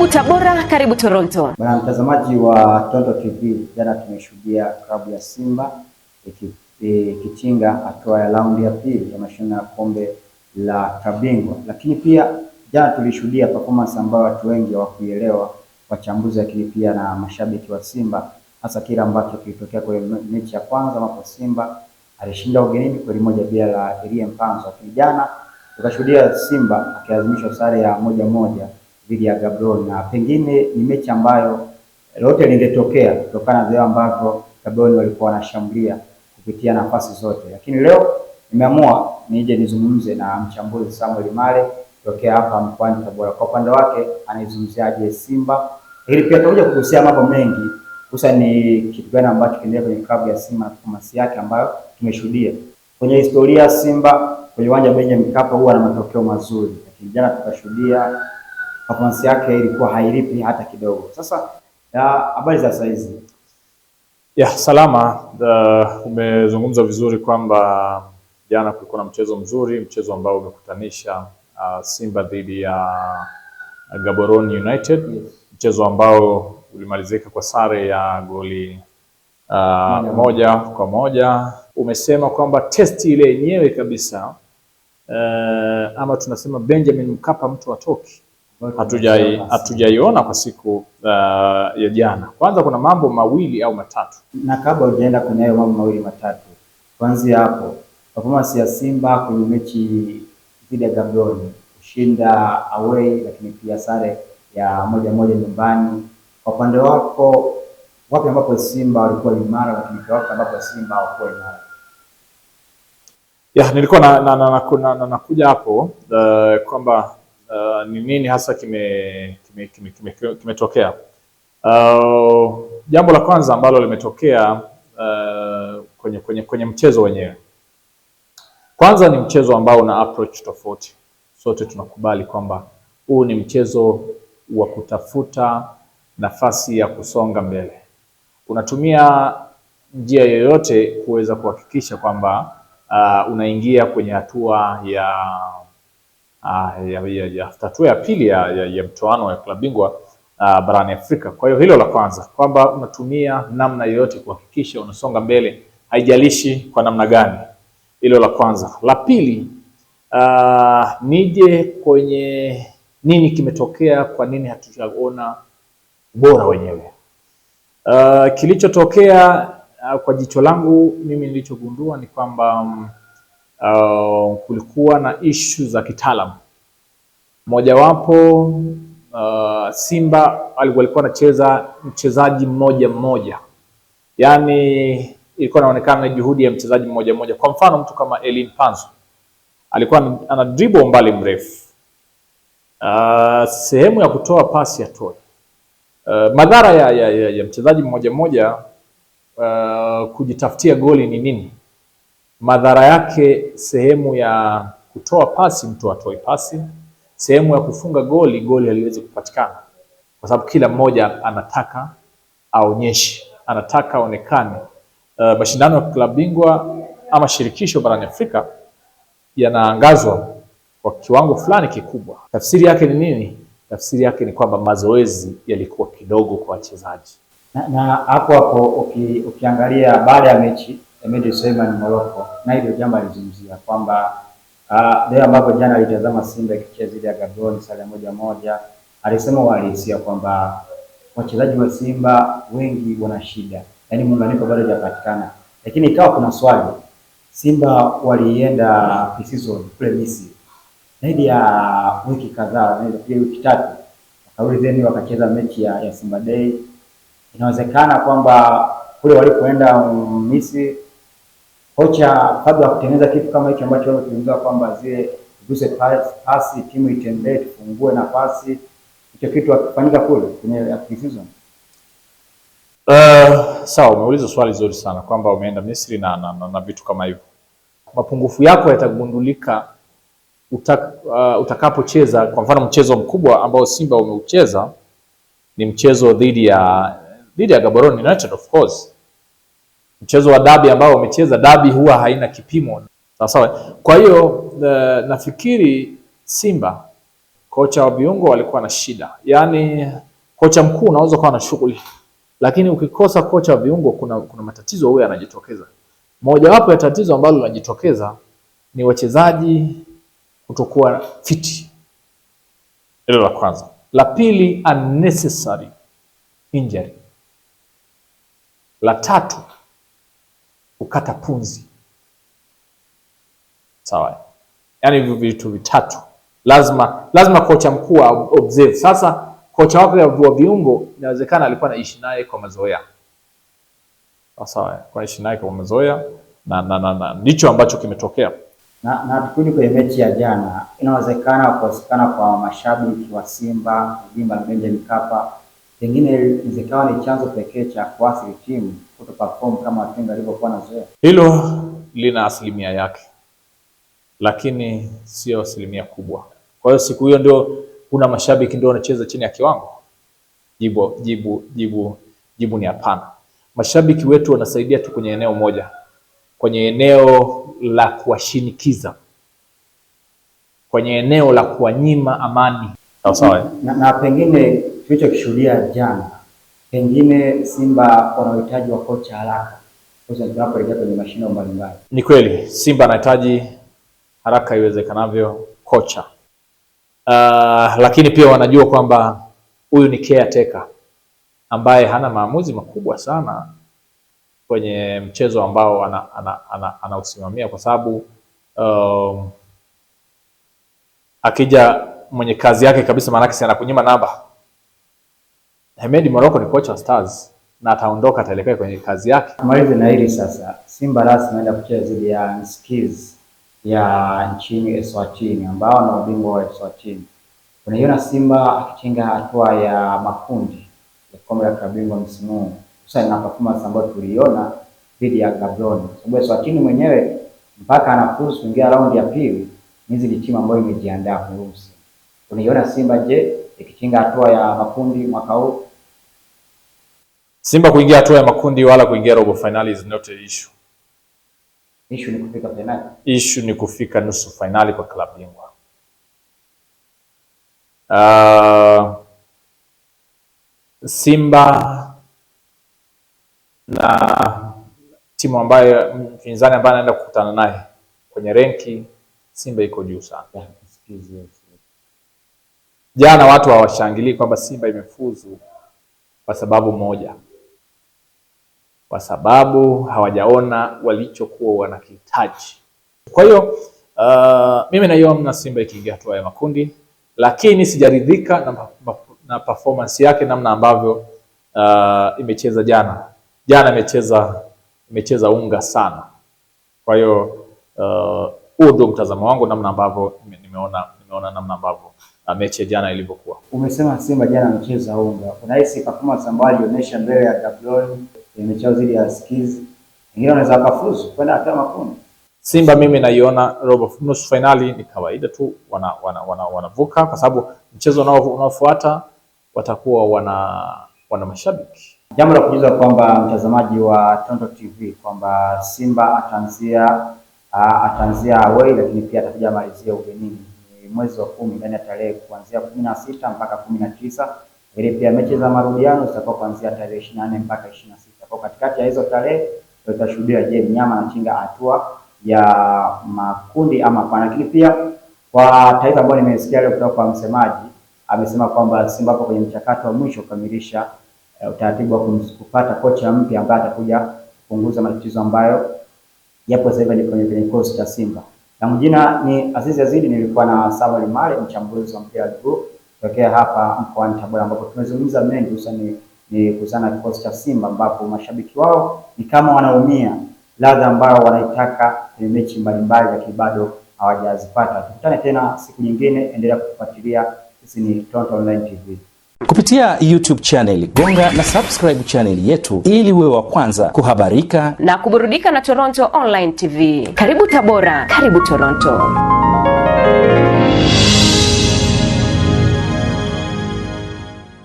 Karibu Tabora, karibu Toronto. Bwana mtazamaji wa Toronto TV, jana tumeshuhudia klabu ya Simba ikichinga e, hatua ya raundi ya pili ya mashindano ya kombe la Kabingwa, lakini pia jana tulishuhudia performance ambayo watu wengi hawakuielewa, wachambuzi, lakini pia na mashabiki wa Simba, hasa kile ambacho kilitokea kwenye mechi ya kwanza ambapo Simba alishinda ugenini goli moja bila la Elie Mpanzo, lakini jana tukashuhudia Simba akilazimishwa sare ya moja moja dhidi ya Gaborone, na pengine ni mechi ambayo lote lingetokea kutokana na vile ambavyo Gaborone walikuwa wanashambulia kupitia nafasi zote, lakini leo nimeamua nije nizungumze na mchambuzi Samuel Male tokea hapa mkoani Tabora, kwa upande wake anaizungumziaje Simba, ili pia tutakuja kuhusia mambo mengi hususan ni kitu gani ambacho kinaendelea kwenye klabu ya Simba na performance yake ambayo tumeshuhudia kwenye historia Simba kwenye uwanja wa Benjamin Mkapa huwa na matokeo mazuri, lakini jana tukashuhudia performance yake ilikuwa hailipi hata kidogo. Sasa habari za saa hizi ya salama. umezungumza vizuri kwamba jana kulikuwa na mchezo mzuri, mchezo ambao umekutanisha uh, Simba dhidi ya uh, Gaborone United yes. Mchezo ambao ulimalizika kwa sare ya goli uh, moja kwa moja. Umesema kwamba testi ile yenyewe kabisa uh, ama tunasema Benjamin Mkapa mtu atoki hatujaiona kwa siku uh, ya jana. Kwanza kuna mambo mawili au matatu, na kabla hujaenda kwenye hayo mambo mawili matatu, kwanzia hapo performance ya Simba kwenye mechi dhidi ya Gamdoni, kushinda away, lakini pia sare ya moja moja nyumbani, kwa upande wako wapi ambapo Simba walikuwa imara, lakini kwa wapi ambapo Simba hawakuwa imara? Ya, nilikuwa na, na, na, na, na, na, na, nakuja hapo uh, kwamba Uh, ni uh, nini hasa kimetokea kime, kime, kime, kime, uh, jambo la kwanza ambalo limetokea uh, kwenye, kwenye, kwenye mchezo wenyewe kwanza ni mchezo ambao una approach tofauti. Sote tunakubali kwamba huu ni mchezo wa kutafuta nafasi ya kusonga mbele. Unatumia njia yoyote kuweza kuhakikisha kwamba uh, unaingia kwenye hatua ya uh, ya, ya, ya ya pili ya, ya, ya mtoano ya klabu bingwa uh, barani Afrika. Kwa hiyo hilo la kwanza kwamba unatumia namna yoyote kuhakikisha unasonga mbele, haijalishi kwa namna gani. Hilo la kwanza. La pili, uh, nije kwenye nini kimetokea, kwa nini hatujaona ubora wenyewe. Uh, kilichotokea uh, kwa jicho langu mimi nilichogundua ni kwamba um, uh, kulikuwa na ishu za kitaalamu. Mojawapo uh, Simba walikuwa anacheza mchezaji mmoja mmoja, yaani ilikuwa inaonekana juhudi ya mchezaji mmoja mmoja. Kwa mfano mtu kama Elin Panzo alikuwa ana dribble mbali mrefu, uh, sehemu ya kutoa pasi toy Uh, madhara ya, ya, ya, ya mchezaji mmoja mmoja uh, kujitafutia goli ni nini? Madhara yake sehemu ya kutoa pasi, mtu atoe pasi, sehemu ya kufunga goli, goli haliwezi kupatikana, kwa sababu kila mmoja anataka aonyeshe, anataka aonekane. Uh, mashindano ya klabu bingwa ama shirikisho barani Afrika yanaangazwa kwa kiwango fulani kikubwa. Tafsiri yake ni nini? Tafsiri yake ni kwamba mazoezi yalikuwa kidogo kwa wachezaji, na hapo hapo uki, ukiangalia baada ya mechi Emedi Suleiman Morocco na hilo jambo alizungumzia kwamba ah, leo ambapo jana alitazama Simba ikicheza dhidi ya Gabon sare moja moja, alisema walihisia kwamba wachezaji wa Simba wengi wana shida, yaani muunganiko bado hajapatikana, lakini ikawa kuna swali Simba walienda pre-season kule Misri zaidi ya wiki kadhaa, wiki tatu, wakarudi theni wakacheza mechi ya, ya Simba Day. Inawezekana kwamba kule walipoenda Misri kocha kabla ya kutengeneza kitu kama hicho ambacho wewe tunaongea kwamba zile tuguse pasi, pasi timu itembee, tufungue nafasi, hicho kitu akifanyika kule kwenye season. Uh, sawa, umeuliza swali zuri sana kwamba umeenda Misri na na, na, na vitu kama hivyo, mapungufu yako yatagundulika utak, uh, utakapocheza kwa mfano mchezo mkubwa ambao Simba umeucheza ni mchezo dhidi ya dhidi ya Gaborone United of course mchezo wa dabi ambao wamecheza, dabi huwa haina kipimo sawasawa. Kwa hiyo eh, nafikiri Simba kocha wa viungo walikuwa na shida, yaani kocha mkuu unaweza kuwa na shughuli, lakini ukikosa kocha wa viungo kuna, kuna matatizo huyo yanajitokeza. Mojawapo ya tatizo ambalo linajitokeza ni wachezaji kutokuwa fiti, hilo la kwanza. La pili unnecessary injury. La tatu kukata punzi. Sawa, yaani hivyo vitu vitatu lazima lazima kocha mkuu observe. Sasa kocha wake wa viungo inawezekana alikuwa anaishi naye kwa mazoea, sawa, kwa ishi naye kwa mazoea na na na, na ndicho ambacho kimetokea. Na, na tukirudi kwenye mechi ya jana, inawezekana kukosekana kwa mashabiki wa Simba jimba la Benjamin Mkapa pengine zikawa ni chanzo pekee cha kuathiri timu perform kama wapinga walivyokuwa nazoea. Hilo lina asilimia yake, lakini sio asilimia kubwa. Kwa hiyo siku hiyo ndio kuna mashabiki ndio wanacheza chini ya kiwango? Jibu, jibu, jibu, jibu ni hapana. Mashabiki wetu wanasaidia tu kwenye eneo moja, kwenye eneo la kuwashinikiza, kwenye eneo la kuwanyima amani. Sawa sawa, na, na pengine tulichokishuhudia jana, pengine Simba wanahitaji wa kocha haraka kuelekea kwenye mashindano mbalimbali. Ni kweli Simba anahitaji haraka iwezekanavyo kocha uh, lakini pia wanajua kwamba huyu ni caretaker ambaye hana maamuzi makubwa sana kwenye mchezo ambao anausimamia ana, ana, ana kwa sababu um, akija mwenye kazi yake kabisa, maanake si anakunyima namba Hemedi Moroko ni kocha wa Stars na ataondoka ataelekea kwenye kazi yake. Tumalize na hili sasa. Simba rasmi naenda kucheza dhidi ya Skiz ya nchini Eswatini ambao ni mabingwa wa Eswatini. Unaiona Simba akichenga hatua ya makundi ya kombe la klabu bingwa msimu huu, hususan na performance ambayo tuliona dhidi ya Gaborone, sababu Eswatini mwenyewe mpaka anafuzu kuingia raundi ya pili, hizi ni timu ambayo imejiandaa kwa Unaiona Simba je, ikichenga hatua ya makundi mwaka huu? Simba kuingia hatua ya makundi wala kuingia robo finali is not a issue. Issue ni kufika finali. Issue ni kufika nusu finali kwa klabu bingwa. Uh, Simba na timu ambayo mpinzani ambaye anaenda kukutana naye kwenye renki, Simba iko juu sana. Jana watu hawashangilii kwamba Simba imefuzu kwa sababu moja kwa sababu hawajaona walichokuwa wanakihitaji. Kwa hiyo uh, mimi naiona Simba ikiingia hatua ya makundi, lakini sijaridhika na, na performance yake namna ambavyo uh, imecheza jana. Jana imecheza imecheza unga sana. Kwa hiyo huo uh, ndio mtazamo wangu namna ambavyo nimeona nimeona namna ambavyo uh, mechi jana ilivyokuwa. Umesema Simba jana amecheza unga, unahisi performance ambayo alionyesha mbele ya tabloni mechi yao dhidi ya Skiz, wengine wanaweza wakafuzu kwenda hatua makundi. Simba mimi naiona robo nusu fainali ni kawaida tu, wanavuka wana, wana, wana kwa sababu mchezo unaofuata watakuwa wana wana mashabiki. Jambo la kujuza kwamba mtazamaji wa tondo TV kwamba Simba ataanzia ataanzia away, lakini pia atakuja malizia ugenini mwezi wa kumi ndani ya tarehe kuanzia kumi na sita mpaka kumi na tisa. Ili pia mechi za marudiano zitakuwa kuanzia tarehe ishirini na nne mpaka ishirini na sita. Kwa katikati ya hizo tarehe tutashuhudia, je, mnyama anachinga hatua ya makundi ama hapana. Lakini pia kwa taarifa ambayo nimesikia leo kutoka kwa msemaji, amesema kwamba Simba hapo kwenye mchakato wa mwisho kukamilisha uh, utaratibu wa kupata kocha mpya ambaye atakuja kupunguza matatizo ambayo yapo sasa hivi kwenye kwenye kikosi cha Simba. Na mjina ni Aziz Yazidi, nilikuwa na Samuel Male, mchambuzi wa mpira wa miguu tokea hapa mkoani Tabora, ambapo tumezungumza mengi hususani ni kuhusiana na kikosi cha Simba ambapo mashabiki wao ni kama wanaumia ladha ambao wanaitaka kwenye mechi mbalimbali, lakini bado hawajazipata. Tukutane tena siku nyingine, endelea kufuatilia Sisi ni Tonto Online TV kupitia YouTube channel, gonga na subscribe channel yetu ili wewe wa kwanza kuhabarika na kuburudika na Toronto Online TV. Karibu Tabora, karibu Toronto.